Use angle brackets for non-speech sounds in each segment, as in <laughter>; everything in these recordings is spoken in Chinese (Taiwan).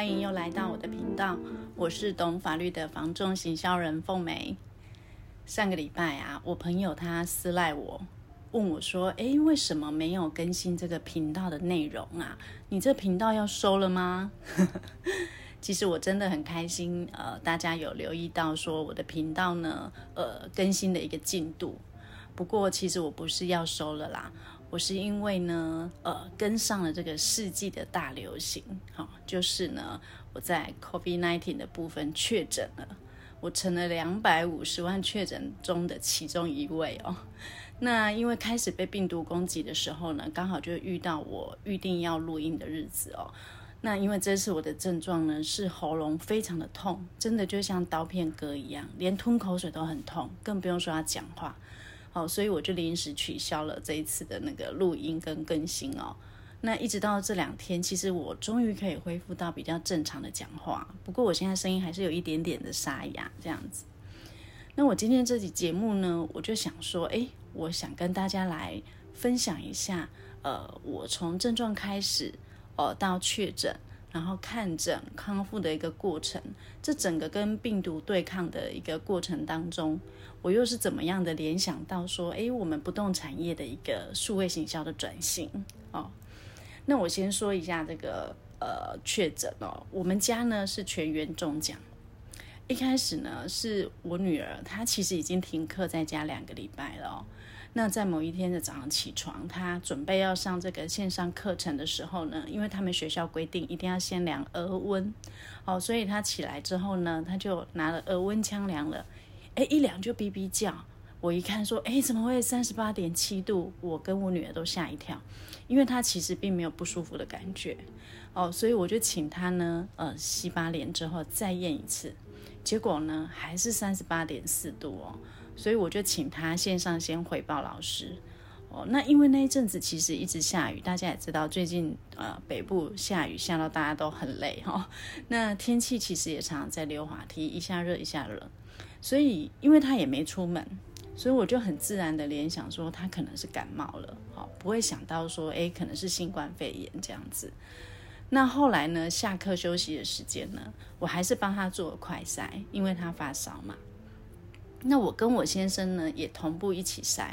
歡迎又來到我的頻道，我是懂法律的房仲行銷人鳳梅。上個禮拜啊，我朋友他私賴我，問我說：“哎，為什麼沒有更新這個頻道的內容啊？你這頻道要收了嗎？” <laughs> 其實我真的很開心，呃，大家有留意到說我的頻道呢，呃，更新的一個進度。不過其實我不是要收了啦。我是因為呢，呃，跟上了這個世紀的大流行，好，哦，就是呢，我在 COVID-19 的部分確診了，我成了兩百五十萬確診中的其中一位哦。那因為開始被病毒攻擊的時候呢，剛好就遇到我預定要錄音的日子哦。那因為這次我的症狀呢是喉嚨非常的痛，真的就像刀片割一樣，連吞口水都很痛，更不用說要講話。好、哦，所以我就臨時取消了這一次的那個錄音跟更新哦。那一直到這兩天，其實我終於可以恢復到比較正常的講話。不過我現在聲音還是有一點點的沙啞這樣子。那我今天這期節目呢，我就想說，哎，我想跟大家來分享一下，呃，我從症狀開始，呃，到確診。然後看診康復的一個過程，這整個跟病毒對抗的一個過程當中，我又是怎麼樣的聯想到說，哎，我們不動產業的一個數位行銷的轉型哦。那我先說一下這個呃確診哦，我們家呢是全員中獎。一開始呢是我女兒，她其實已經停課在家兩個禮拜了哦。那在某一天的早上起床，他準備要上這個線上課程的時候呢，因為他們學校規定一定要先量額溫，哦，所以他起來之後呢，他就拿了額溫槍量了，哎，一量就嗶嗶叫，我一看說，哎，怎麼會三十八點七度？我跟我女兒都嚇一跳，因為他其實並沒有不舒服的感覺，哦，所以我就請他呢，呃，洗把臉之後再驗一次，結果呢還是三十八點四度哦。所以我就請他線上先回報老師，哦，那因為那一陣子其實一直下雨，大家也知道，最近呃北部下雨下到大家都很累哈、哦，那天氣其實也常常在溜滑梯，一下熱一下冷，所以因為他也沒出門，所以我就很自然的聯想說他可能是感冒了，好、哦、不會想到說誒，可能是新冠肺炎這樣子。那後來呢，下課休息的時間呢，我還是幫他做了快篩，因為他發燒嘛。那我跟我先生呢也同步一起篩，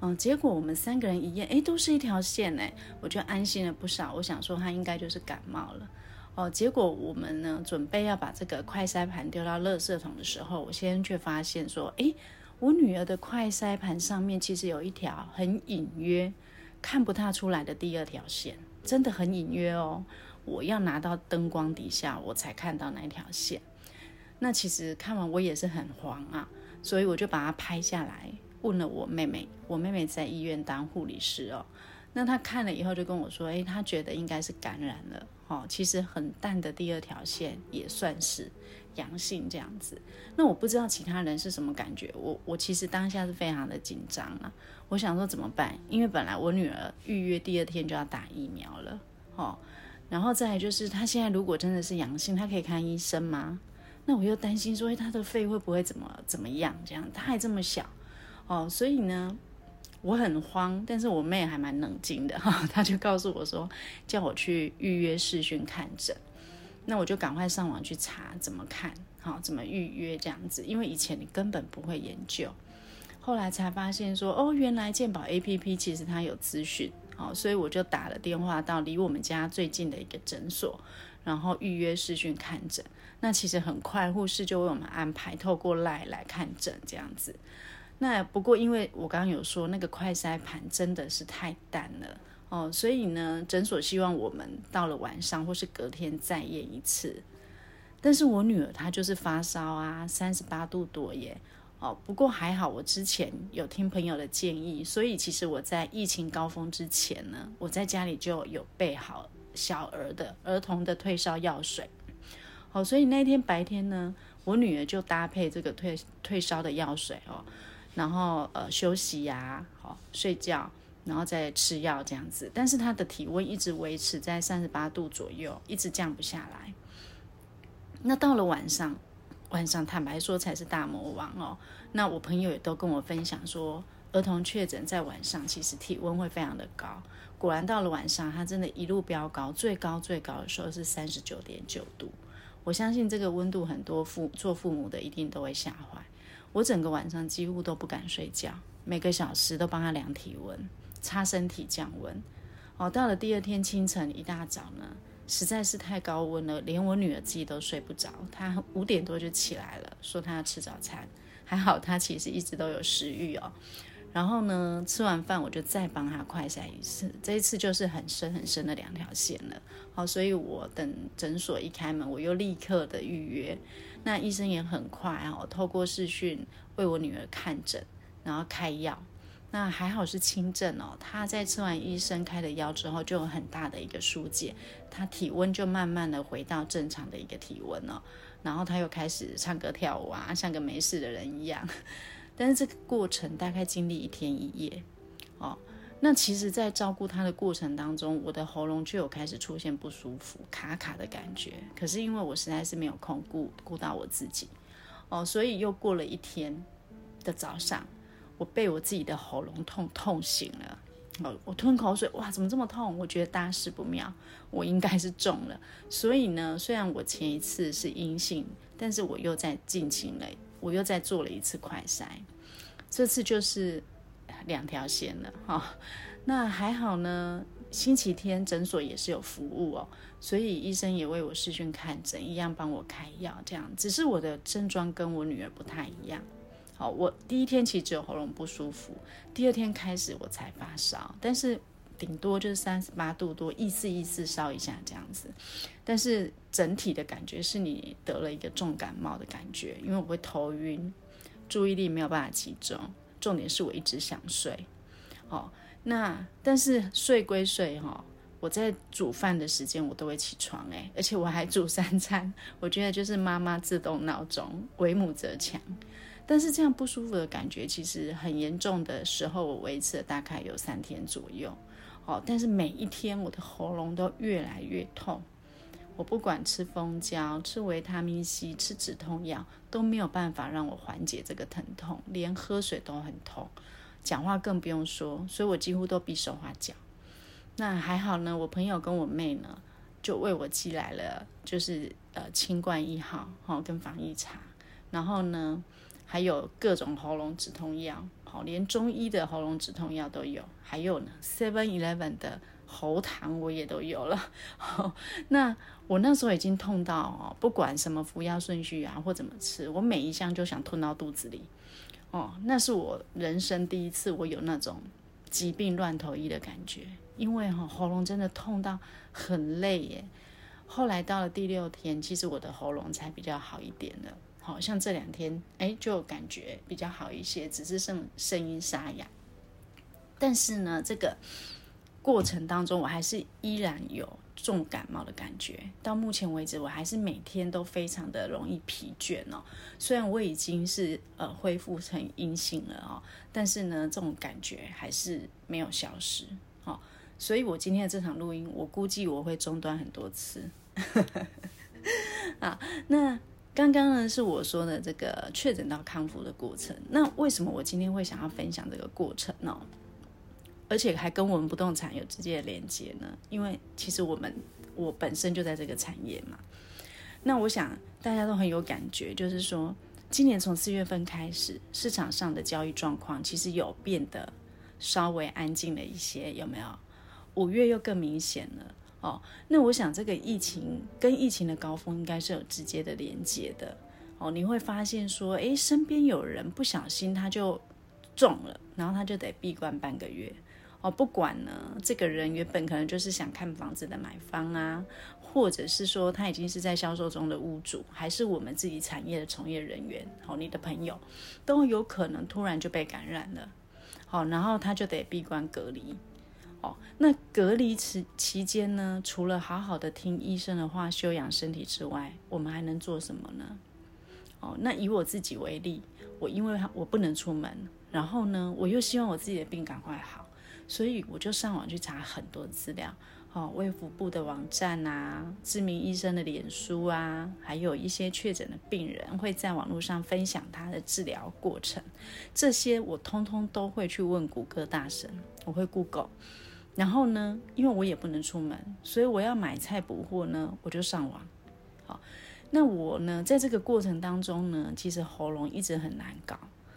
嗯、哦，結果我們三個人一驗，哎，都是一條線哎，我就安心了不少。我想說他應該就是感冒了，哦，結果我們呢準備要把這個快篩盤丟到垃圾桶的時候，我先生卻發現說，哎，我女兒的快篩盤上面其實有一條很隱約、看不太出來的第二條線，真的很隱約哦。我要拿到燈光底下我才看到那條線。那其實看完我也是很慌啊。所以我就把它拍下來，問了我妹妹，我妹妹在醫院當護理師哦，那她看了以後就跟我說，誒，她覺得應該是感染了，哦。其實很淡的第二條線也算是陽性這樣子。那我不知道其他人是什麼感覺，我我其實當下是非常的緊張啊，我想說怎麼辦？因為本來我女兒預約第二天就要打疫苗了，哦。然後再來就是她現在如果真的是陽性，她可以看醫生嗎？那我又擔心說、欸、他的肺會不會怎麼怎麼樣？這樣他還這麼小，哦，所以呢，我很慌。但是我妹還蠻冷靜的哈，他、哦、就告訴我說，叫我去預約視訊看診。那我就趕快上網去查怎麼看，好、哦、怎麼預約這樣子。因為以前你根本不會研究，後來才發現說，哦，原來健保 APP 其實它有資訊，好、哦，所以我就打了電話到離我們家最近的一個診所，然後預約視訊看診。那其實很快，護士就為我們安排透過 LINE 來看診這樣子。那不過，因為我剛剛有說那個快篩盤真的是太淡了哦，所以呢，診所希望我們到了晚上或是隔天再驗一次。但是我女兒她就是發燒啊，三十八度多耶哦。不過還好，我之前有聽朋友的建議，所以其實我在疫情高峰之前呢，我在家裡就有備好小兒的兒童的退燒藥水。好，所以那天白天呢，我女兒就搭配這個退退燒的藥水哦，然後呃休息呀、啊，好、哦、睡覺，然後再吃藥這樣子。但是她的體溫一直維持在三十八度左右，一直降不下來。那到了晚上，晚上坦白說才是大魔王哦。那我朋友也都跟我分享說，兒童確診在晚上其實體溫會非常的高。果然到了晚上，他真的一路飆高，最高最高的時候是三十九點九度。我相信這個溫度，很多父做父母的一定都會嚇壞。我整個晚上幾乎都不敢睡覺，每個小時都幫他量體溫、擦身體降溫。哦，到了第二天清晨一大早呢，實在是太高溫了，連我女兒自己都睡不着。她五點多就起來了，說她要吃早餐。還好她其實一直都有食欲哦。然後呢，吃完飯我就再幫她快篩一次，這一次就是很深很深的兩條線了。好，所以我等診所一開門，我又立刻的預約。那醫生也很快哦，透過視訊為我女兒看診，然後開藥。那還好是輕症哦，她在吃完醫生開的藥之後，就有很大的一個疏解，她體溫就慢慢的回到正常的一個體溫哦，然後她又開始唱歌跳舞啊，像個沒事的人一樣。但是這個過程大概經歷一天一夜，哦，那其實，在照顧他的過程當中，我的喉嚨就有開始出現不舒服、卡卡的感覺。可是因為我實在是沒有空顧顧到我自己，哦，所以又過了一天的早上，我被我自己的喉嚨痛痛醒了，哦，我吞口水，哇，怎麼這麼痛？我覺得大事不妙，我應該是中了。所以呢，雖然我前一次是陰性，但是我又再進行了。我又再做了一次快篩，這次就是兩條線了哈、哦。那還好呢，星期天診所也是有服務哦，所以醫生也為我視訊看診，一樣幫我開藥。這樣，只是我的症狀跟我女兒不太一樣。好、哦，我第一天其實只有喉嚨不舒服，第二天開始我才發燒，但是。頂多就是三十八度多，意思意思燒一下這樣子，但是整體的感覺是你得了一個重感冒的感覺，因為我會頭暈，注意力沒有辦法集中，重點是我一直想睡，哦，那但是睡歸睡哈，我在煮飯的時間我都會起床哎、欸，而且我還煮三餐，我覺得就是媽媽自動鬧鐘，為母則強，但是這樣不舒服的感覺其實很嚴重的時候，我維持了大概有三天左右。哦，但是每一天我的喉嚨都越來越痛，我不管吃蜂膠、吃維他命 C、吃止痛藥都沒有辦法讓我緩解這個疼痛，連喝水都很痛，講話更不用說，所以我幾乎都比手畫腳。那還好呢，我朋友跟我妹呢就為我寄來了，就是呃清冠一號哈、哦、跟防疫茶，然後呢還有各種喉嚨止痛藥。連中醫的喉嚨止痛藥都有，還有呢，Seven Eleven 的喉糖我也都有了。 <laughs> 那我那時候已經痛到，不管什麼服藥順序啊或怎麼吃，我每一項就想吞到肚子裡。哦，那是我人生第一次，我有那種急病亂投醫的感覺，因為喉嚨真的痛到很累耶。後來到了第六天，其實我的喉嚨才比較好一點了。好像這兩天哎，就感覺比較好一些，只是聲聲音沙啞。但是呢，這個過程當中，我還是依然有重感冒的感覺。到目前為止，我還是每天都非常的容易疲倦哦。雖然我已經是呃恢復成陰性了哦，但是呢，這種感覺還是沒有消失哦。所以，我今天的這場錄音，我估計我會中斷很多次啊。 <laughs> 那。剛剛呢，是我說的這個確診到康復的過程，那為什麼我今天會想要分享這個過程呢，哦？而且還跟我們不動產有直接的連接呢？因為其實我們我本身就在這個產業嘛。那我想大家都很有感覺，就是說今年從四月份開始，市場上的交易狀況其實有變得稍微安靜了一些，有沒有？五月又更明顯了。哦，那我想這個疫情跟疫情的高峰應該是有直接的連接的。哦，你會發現說，哎，身邊有人不小心他就中了，然後他就得閉關半個月。哦，不管呢，這個人原本可能就是想看房子的買方啊，或者是說他已經是在銷售中的屋主，還是我們自己產業的從業人員。哦，你的朋友都有可能突然就被感染了。好，哦，然後他就得閉關隔離。哦，那隔離期間呢？除了好好的聽醫生的話，休養身體之外，我們還能做什麼呢？哦，那以我自己為例，我因為我不能出門，然後呢，我又希望我自己的病趕快好，所以我就上網去查很多資料，哦，衛福部的網站啊，知名醫生的臉書啊，還有一些確診的病人會在網絡上分享他的治療過程，這些我通通都會去問谷歌大神，我會 Google。然後呢，因為我也不能出門，所以我要買菜補貨呢，我就上網。好、哦，那我呢，在這個過程當中呢，其實喉嚨一直很難搞，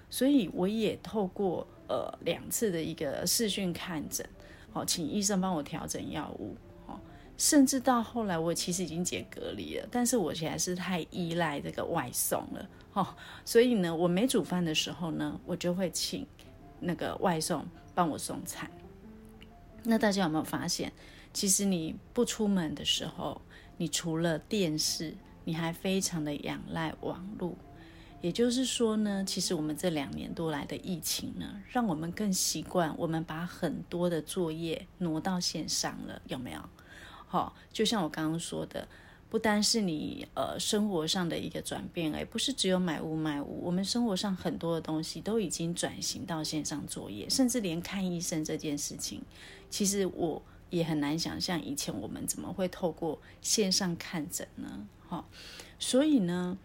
所以我也透過呃兩次的一個視訊看診，好、哦，請醫生幫我調整藥物。哦，甚至到後來，我其實已經解隔離了，但是我其實還是太依賴這個外送了。哦，所以呢，我沒煮飯的時候呢，我就會請那個外送幫我送菜。那大家有沒有發現，其實你不出門的時候，你除了電視，你還非常的仰賴網絡。也就是說呢，其實我們這兩年多來的疫情呢，讓我們更習慣我們把很多的作業挪到線上了，有沒有？好、哦，就像我剛剛說的。不單是你呃生活上的一個轉變，哎，不是只有買屋買屋，我們生活上很多的東西都已經轉型到線上作業，甚至連看醫生這件事情，其實我也很難想象以前我們怎麼會透過線上看診呢？哈、哦，所以呢，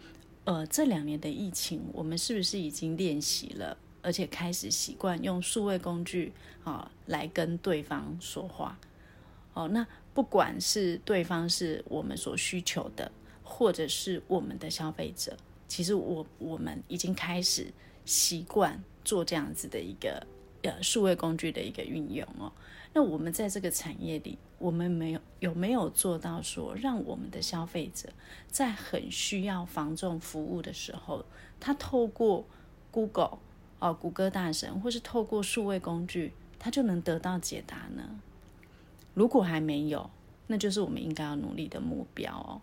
呃，這兩年的疫情，我們是不是已經練習了，而且開始習慣用數位工具啊、哦、來跟對方說話？哦，那。不管是對方是我們所需求的，或者是我們的消費者，其實我我們已經開始習慣做這樣子的一個呃數位工具的一個運用哦。那我們在這個產業裡，我們沒有有沒有做到說，讓我們的消費者在很需要房仲服務的時候，他透過 Google 哦、呃、谷歌大神，或是透過數位工具，他就能得到解答呢？如果還沒有，那就是我們應該要努力的目標哦。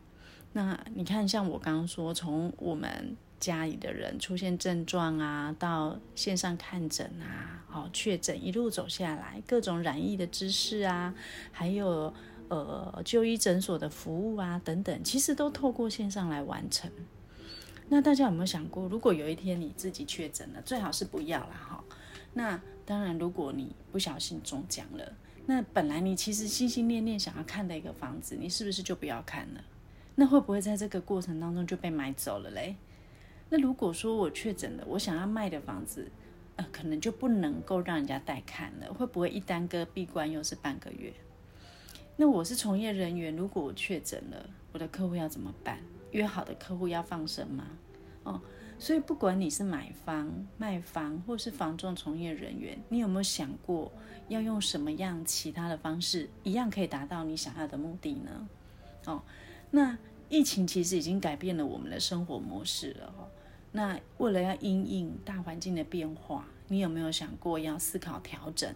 那你看，像我剛剛說，從我們家裡的人出現症狀啊，到線上看診啊，哦，確診一路走下來，各種染疫的知識啊，還有呃就醫診所的服務啊等等，其實都透過線上來完成。那大家有沒有想過，如果有一天你自己確診了，最好是不要啦哈哦。那當然，如果你不小心中獎了。那本來你其實心心念念想要看的一個房子，你是不是就不要看了？那會不會在這個過程當中就被買走了嘞？那如果說我確診了，我想要賣的房子，呃，可能就不能夠讓人家帶看了，會不會一耽擱閉關又是半個月？那我是從業人員，如果我確診了，我的客戶要怎麼辦？約好的客戶要放生嗎？哦。所以，不管你是買方、賣方，或是房仲從業人員，你有沒有想過要用什麼樣其他的方式，一樣可以達到你想要的目的呢？哦，那疫情其實已經改變了我們的生活模式了。哦，那為了要因應大環境的變化，你有沒有想過要思考調整？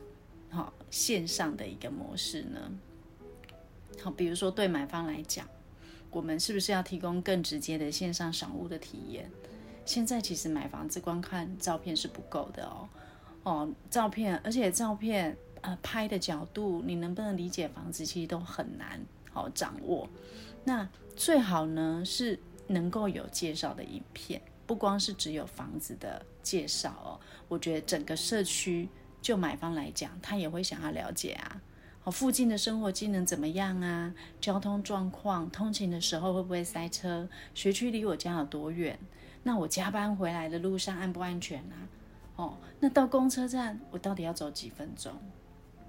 好、哦，線上的一個模式呢？好，比如說對買方來講，我們是不是要提供更直接的線上賞屋的體驗？現在其實買房子光看照片是不夠的哦，哦，照片，而且照片呃拍的角度，你能不能理解房子其實都很難好、哦、掌握。那最好呢是能夠有介紹的影片，不光是只有房子的介紹哦。我覺得整個社區就買方來講，他也會想要了解啊，好、哦，附近的生活機能怎麼樣啊？交通狀況，通勤的時候會不會塞車？學區離我家有多遠？那我加班回來的路上安不安全啊？哦，那到公車站我到底要走幾分鐘？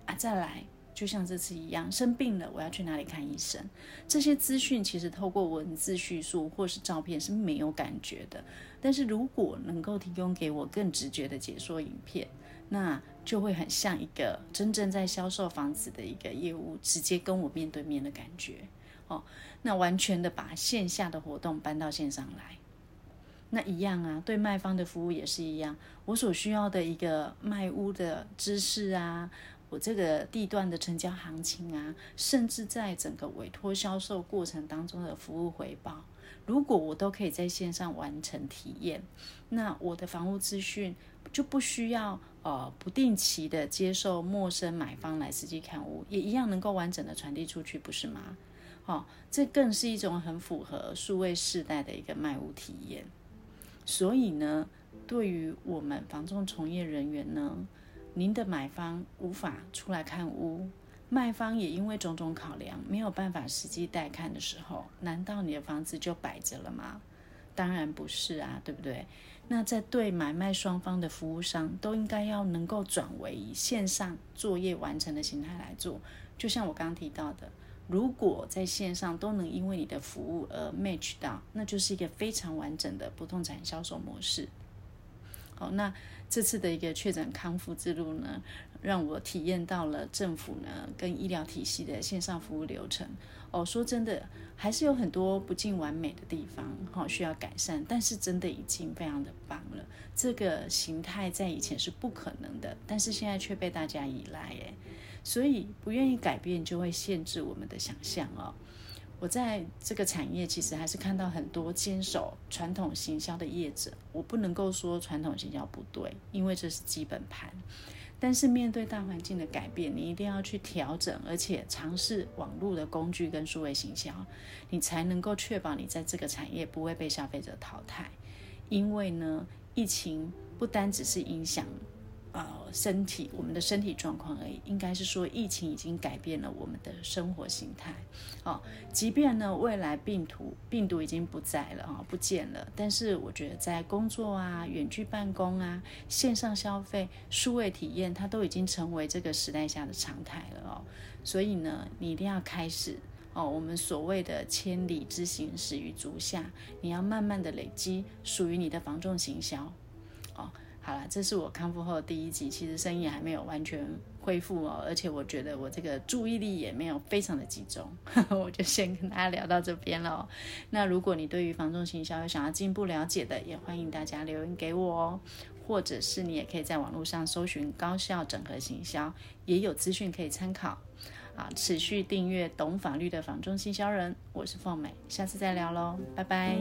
啊，再來，就像這次一樣，生病了，我要去哪裡看醫生？這些資訊其實透過文字敘述或是照片是沒有感覺的，但是如果能夠提供給我更直覺的解說影片，那就會很像一個真正在銷售房子的一個業務，直接跟我面對面的感覺。哦，那完全的把線下的活動搬到線上來。那一樣啊，對賣方的服務也是一樣。我所需要的一個賣屋的知識啊，我這個地段的成交行情啊，甚至在整個委托銷售過程當中的服務回報，如果我都可以在線上完成體驗，那我的房屋資訊就不需要呃、不定期的接受陌生買方來實際看屋，也一樣能夠完整的傳遞出去，不是嗎？好、哦，這更是一種很符合數位世代的一個賣屋體驗。所以呢，對於我們房仲從業人員呢，您的買方無法出來看屋，賣方也因為種種考量沒有辦法實際帶看的時候，難道你的房子就擺着了嗎？當然不是啊，對不對？那在對買賣雙方的服務商，都應該要能夠轉為以線上作業完成的形態來做，就像我剛剛提到的。如果在線上都能因為你的服務而 match 到，那就是一個非常完整的不動產銷售模式。好，那這次的一個確診康復之路呢，讓我體驗到了政府呢跟醫療體系的線上服務流程。哦，說真的，還是有很多不盡完美的地方哈，哦，需要改善。但是真的已經非常的棒了，這個形態在以前是不可能的，但是現在卻被大家依賴耶，所以不願意改變就會限制我們的想象哦。我在這個產業其實還是看到很多堅守傳統行銷的業者，我不能夠說傳統行銷不對，因為這是基本盤。但是面對大環境的改變，你一定要去調整，而且嘗試網絡的工具跟數位行銷，你才能夠確保你在這個產業不會被消費者淘汰。因為呢，疫情不單只是影響。呃、哦，身體我們的身體狀況而已，應該是說疫情已經改變了我們的生活形態。哦。即便呢未來病毒病毒已經不在了啊、哦，不見了，但是我覺得在工作啊、遠距辦公啊、線上消費、數位體驗，它都已經成為這個時代下的常態了哦。所以呢，你一定要開始哦。我們所謂的千里之行，始於足下，你要慢慢的累積屬於你的房仲行銷哦。好了，這是我康復後的第一集，其實聲音還沒有完全恢復哦，而且我覺得我這個注意力也沒有非常的集中， <laughs> 我就先跟大家聊到這邊咯。那如果你對於房仲行銷有想要進一步了解的，也歡迎大家留言給我哦，或者是你也可以在網絡上搜尋高效整合行銷，也有資訊可以參考。啊，持續訂閱懂法律的房仲行銷人，我是鳳美，下次再聊嘍，拜拜。